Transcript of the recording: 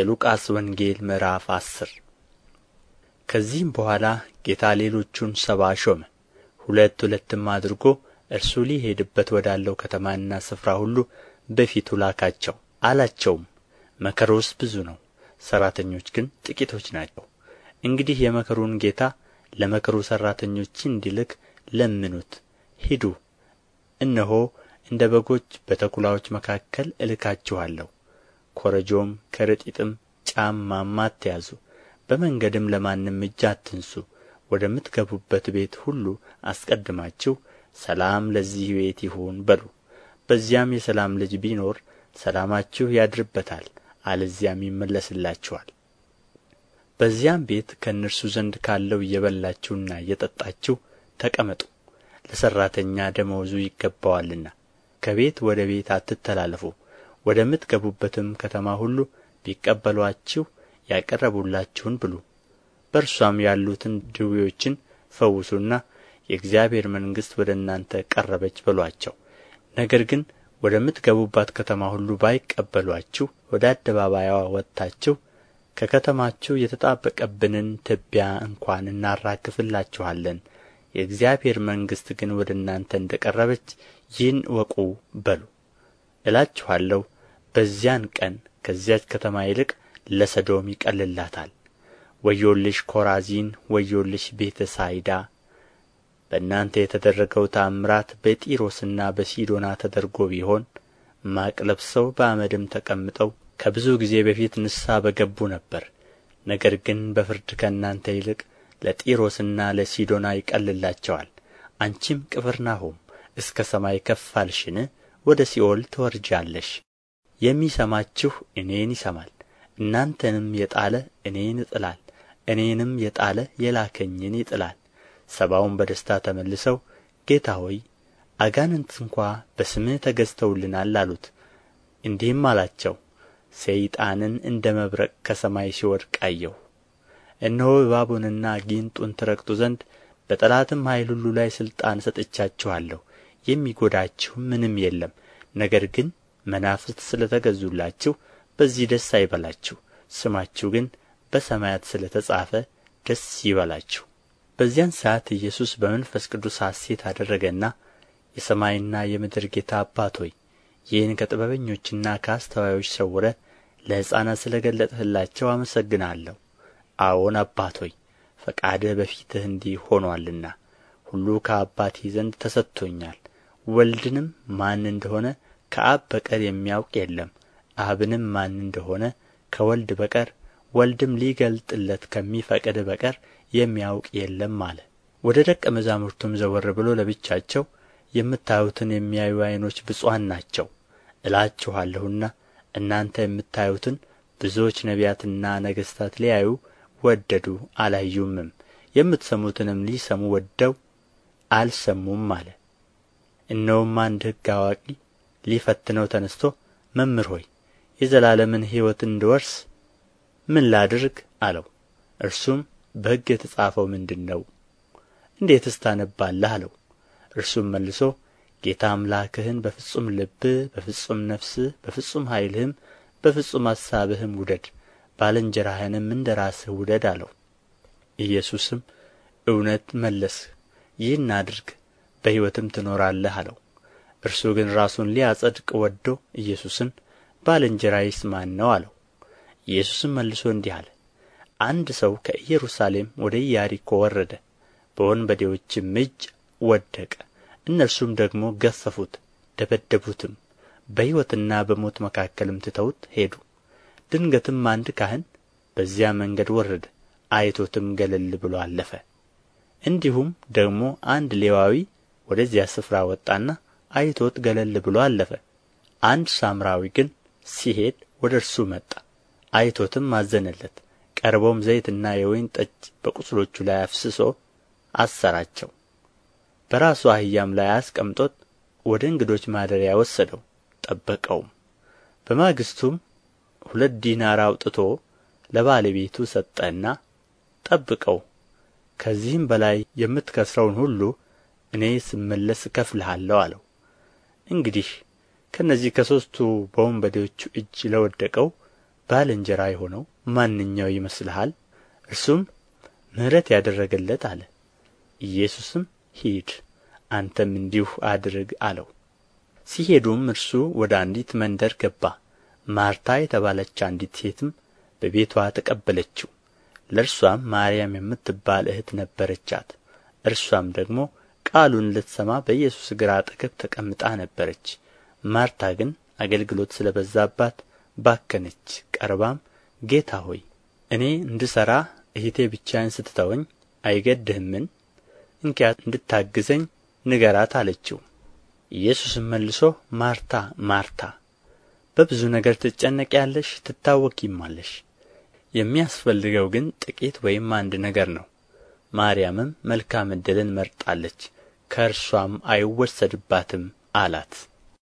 የሉቃስ ወንጌል ምዕራፍ አስር ከዚህም በኋላ ጌታ ሌሎቹን ሰባ ሾመ ሁለት ሁለትም አድርጎ እርሱ ሊሄድበት ወዳለው ከተማና ስፍራ ሁሉ በፊቱ ላካቸው። አላቸውም፣ መከሩስ ብዙ ነው፣ ሠራተኞች ግን ጥቂቶች ናቸው። እንግዲህ የመከሩን ጌታ ለመከሩ ሠራተኞች እንዲልክ ለምኑት። ሂዱ፣ እነሆ እንደ በጎች በተኩላዎች መካከል እልካችኋለሁ ኮረጆም ከረጢትም ጫማም አትያዙ በመንገድም ለማንም እጅ አትንሱ ወደምትገቡበት ቤት ሁሉ አስቀድማችሁ ሰላም ለዚህ ቤት ይሁን በሉ በዚያም የሰላም ልጅ ቢኖር ሰላማችሁ ያድርበታል አለዚያም ይመለስላችኋል በዚያም ቤት ከእነርሱ ዘንድ ካለው እየበላችሁና እየጠጣችሁ ተቀመጡ ለሠራተኛ ደመወዙ ይገባዋልና ከቤት ወደ ቤት አትተላለፉ ወደምትገቡበትም ከተማ ሁሉ ቢቀበሏችሁ ያቀረቡላችሁን ብሉ በእርሷም ያሉትን ድውዮችን ፈውሱና የእግዚአብሔር መንግሥት ወደ እናንተ ቀረበች በሏቸው። ነገር ግን ወደምትገቡባት ከተማ ሁሉ ባይቀበሏችሁ ወደ አደባባይዋ ወጥታችሁ ከከተማችሁ የተጣበቀብንን ትቢያ እንኳን እናራግፍላችኋለን የእግዚአብሔር መንግሥት ግን ወደ እናንተ እንደ ቀረበች ይህን እወቁ በሉ እላችኋለሁ በዚያን ቀን ከዚያች ከተማ ይልቅ ለሰዶም ይቀልላታል ወዮልሽ ኮራዚን ወዮልሽ ቤተ ሳይዳ በእናንተ የተደረገው ተአምራት በጢሮስና በሲዶና ተደርጎ ቢሆን ማቅ ለብሰው በአመድም ተቀምጠው ከብዙ ጊዜ በፊት ንስሐ በገቡ ነበር ነገር ግን በፍርድ ከእናንተ ይልቅ ለጢሮስና ለሲዶና ይቀልላቸዋል አንቺም ቅፍርናሆም እስከ ሰማይ ከፍ አልሽን ወደ ሲኦል ትወርጃለሽ የሚሰማችሁ እኔን ይሰማል እናንተንም የጣለ እኔን ይጥላል እኔንም የጣለ የላከኝን ይጥላል ሰባውን በደስታ ተመልሰው ጌታ ሆይ አጋንንት እንኳ በስምህ ተገዝተውልናል አሉት እንዲህም አላቸው ሰይጣንን እንደ መብረቅ ከሰማይ ሲወድቅ አየሁ እነሆ እባቡንና ጊንጡን ትረግጡ ዘንድ በጠላትም ኃይል ሁሉ ላይ ሥልጣን ሰጥቻችኋለሁ የሚጐዳችሁም ምንም የለም ነገር ግን መናፍስት ስለ ተገዙላችሁ በዚህ ደስ አይበላችሁ ስማችሁ ግን በሰማያት ስለ ተጻፈ ደስ ይበላችሁ በዚያን ሰዓት ኢየሱስ በመንፈስ ቅዱስ ሐሴት አደረገና የሰማይና የምድር ጌታ አባት ሆይ ይህን ከጥበበኞችና ከአስተዋዮች ሰውረ ለሕፃናት ስለ ገለጥህላቸው አመሰግናለሁ አዎን አባት ሆይ ፈቃድህ በፊትህ እንዲህ ሆኖአልና ሁሉ ከአባቴ ዘንድ ተሰጥቶኛል ወልድንም ማን እንደሆነ ከአብ በቀር የሚያውቅ የለም አብንም ማን እንደ ሆነ ከወልድ በቀር ወልድም ሊገልጥለት ከሚፈቅድ በቀር የሚያውቅ የለም አለ ወደ ደቀ መዛሙርቱም ዘወር ብሎ ለብቻቸው የምታዩትን የሚያዩ ዓይኖች ብፁዓን ናቸው እላችኋለሁና እናንተ የምታዩትን ብዙዎች ነቢያትና ነገሥታት ሊያዩ ወደዱ አላዩምም፣ የምትሰሙትንም ሊሰሙ ወደው አልሰሙም አለ። እነውም አንድ ሕግ አዋቂ ሊፈትነው ተነስቶ መምህር ሆይ የዘላለምን ሕይወት እንድወርስ ምን ላድርግ አለው እርሱም በሕግ የተጻፈው ምንድን ነው እንዴትስ ታነባለህ አለው እርሱም መልሶ ጌታ አምላክህን በፍጹም ልብህ በፍጹም ነፍስህ በፍጹም ኃይልህም በፍጹም አሳብህም ውደድ ባልንጀራህንም እንደ ራስህ ውደድ አለው ኢየሱስም እውነት መለስህ ይህን አድርግ በሕይወትም ትኖራለህ አለው እርሱ ግን ራሱን ሊያጸድቅ ወዶ ኢየሱስን ባልንጀራዬስ ማን ነው አለው ኢየሱስም መልሶ እንዲህ አለ አንድ ሰው ከኢየሩሳሌም ወደ ኢያሪኮ ወረደ በወንበዴዎችም እጅ ወደቀ እነርሱም ደግሞ ገፈፉት ደበደቡትም በሕይወትና በሞት መካከልም ትተውት ሄዱ ድንገትም አንድ ካህን በዚያ መንገድ ወረደ አይቶትም ገለል ብሎ አለፈ እንዲሁም ደግሞ አንድ ሌዋዊ ወደዚያ ስፍራ ወጣና አይቶት ገለል ብሎ አለፈ አንድ ሳምራዊ ግን ሲሄድ ወደ እርሱ መጣ አይቶትም አዘነለት ቀርቦም ዘይትና የወይን ጠጅ በቁስሎቹ ላይ አፍስሶ አሰራቸው በራሱ አህያም ላይ አስቀምጦት ወደ እንግዶች ማደሪያ ወሰደው ጠበቀውም በማግስቱም ሁለት ዲናር አውጥቶ ለባለቤቱ ሰጠና ጠብቀው ከዚህም በላይ የምትከስረውን ሁሉ እኔ ስመለስ እከፍልሃለሁ አለው እንግዲህ ከእነዚህ ከሦስቱ በወንበዴዎቹ እጅ ለወደቀው ባልንጀራ የሆነው ማንኛው ይመስልሃል እርሱም ምሕረት ያደረገለት አለ ኢየሱስም ሂድ አንተም እንዲሁ አድርግ አለው ሲሄዱም እርሱ ወደ አንዲት መንደር ገባ ማርታ የተባለች አንዲት ሴትም በቤቷ ተቀበለችው ለእርሷም ማርያም የምትባል እህት ነበረቻት እርሷም ደግሞ ቃሉን ልትሰማ በኢየሱስ እግር አጠገብ ተቀምጣ ነበረች ማርታ ግን አገልግሎት ስለ በዛባት ባከነች ቀርባም ጌታ ሆይ እኔ እንድሠራ እህቴ ብቻን ስትተወኝ አይገድህምን እንኪያ እንድታግዘኝ ንገራት አለችው ኢየሱስም መልሶ ማርታ ማርታ በብዙ ነገር ትጨነቂያለሽ ትታወኪማለሽ የሚያስፈልገው ግን ጥቂት ወይም አንድ ነገር ነው ማርያምም መልካም ዕድልን መርጣለች ከእርስዋም አይወሰድባትም አላት